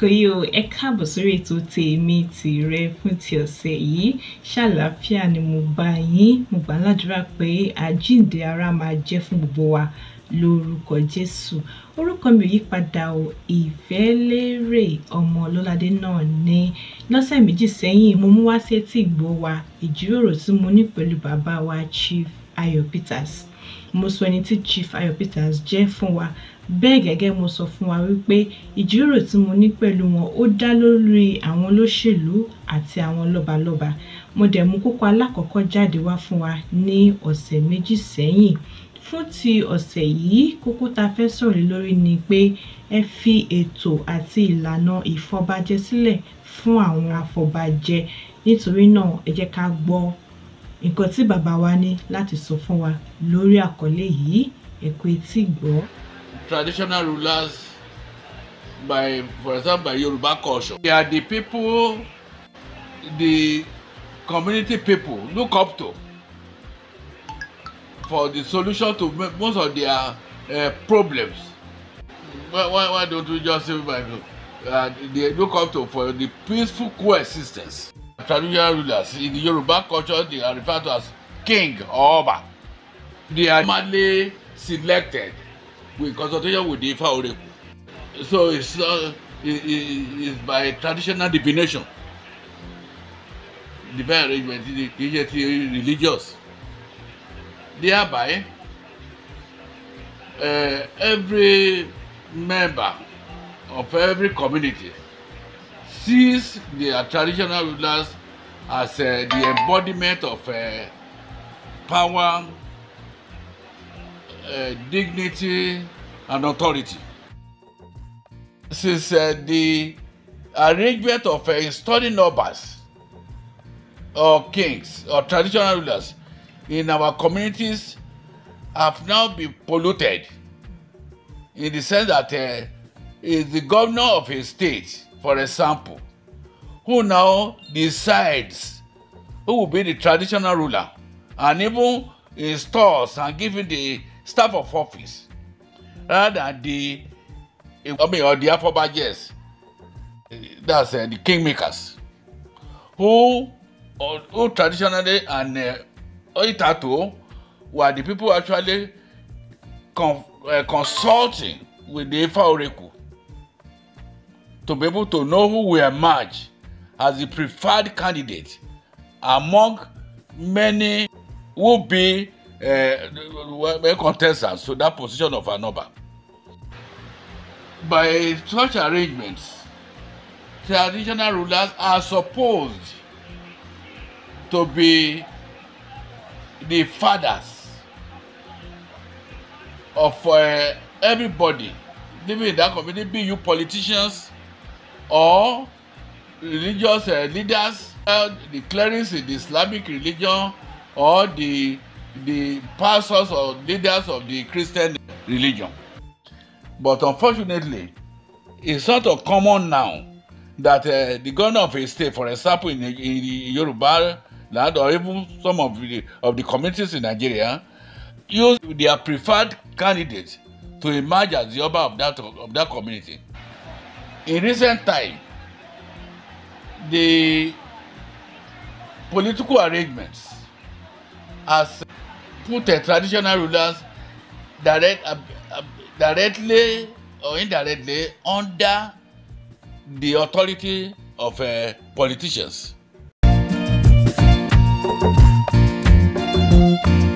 lásìkò yìí o ẹ káàbọ̀ sórí ètò tèmi tìrẹ fún ti ọ̀sẹ̀ yìí ṣàlàáfíà ni mo bá yín mo gbà ládùúrà pé àjíǹde ara máa jẹ́ fún gbogbo wa lórúkọ jésù orúkọ mi ò yí padà o ìfẹ́lérè ọmọ ọlọ́ládé náà ní lọ́sẹ̀ méjì sẹ́yìn mo mú wá sí etí ìgbọ́ wa ìjíròrò tí mo ní pẹ̀lú bàbá wa chief Ayọ̀ Peters mo sọ ẹni tí chief Ayọ̀ Peters jẹ́ fún wa bẹ́ẹ̀ gẹ́gẹ́ mo sọ fún wa wípé ìjíròrò tí mo ní pẹ̀lú wọn ó dá lórí àwọn olóṣèlú àti àwọn lọ́balọ́ba mo dẹ̀ mú kókó alákọ̀ọ́kọ́ jáde wá fún wa ní ọ̀sẹ̀ méjì sẹ́yìn fún ti ọ̀sẹ̀ yìí kókó ta fẹ́ sọ̀rọ̀ lórí ni pé ẹ fi ètò àti ìlànà ìfọbajẹ sílẹ̀ fún àwọn afọbajẹ nítorí náà ẹ jẹ́ ká gbọ́ nǹkan tí bàbá wa ní láti sọ fún wa lórí àkọlé yìí ẹ etí gbọ́ traditional rulers by for example by Yoruba culture. They are the people the community people look up to for the solution to most of their uh, problems. Why, why, why don't we just say by uh, they look up to for the peaceful coexistence. Traditional rulers in the Yoruba culture they are referred to as king or oba. They are madly selected with consultation with the Ifa So it's, uh, it, it, it's by traditional divination. Divine arrangement is yet religious. Thereby, uh, every member of every community sees their traditional rulers as uh, the embodiment of uh, power Uh, dignity and authority. Since uh, the arrangement of uh, installing numbers or kings or traditional rulers in our communities have now been polluted in the sense that uh, is the governor of a state, for example, who now decides who will be the traditional ruler and even installs and giving the staff of office rather the I mean or the afobajers that's uh, the kingmakers who or, who traditionally and uh, oitato were the people actually con uh, consulting with the Ifa Oracle to be able to know who will emerge as the preferred candidate among many who be uh, contestants to that position of an oba. By such arrangements, traditional rulers are supposed to be the fathers of uh, everybody living in that community, be you politicians or religious uh, leaders, uh, the clerics in the Islamic religion or the the pastors or leaders of the Christian religion. But unfortunately, it's not a common now that uh, the governor of a state, for example, in, in the Yoruba land or even some of the, of the communities in Nigeria, use their preferred candidate to emerge as the Oba of that, of that community. In recent time, the political arrangements has put uh, traditional rulers direct, directly or indirectly under the authority of uh, politicians. thank you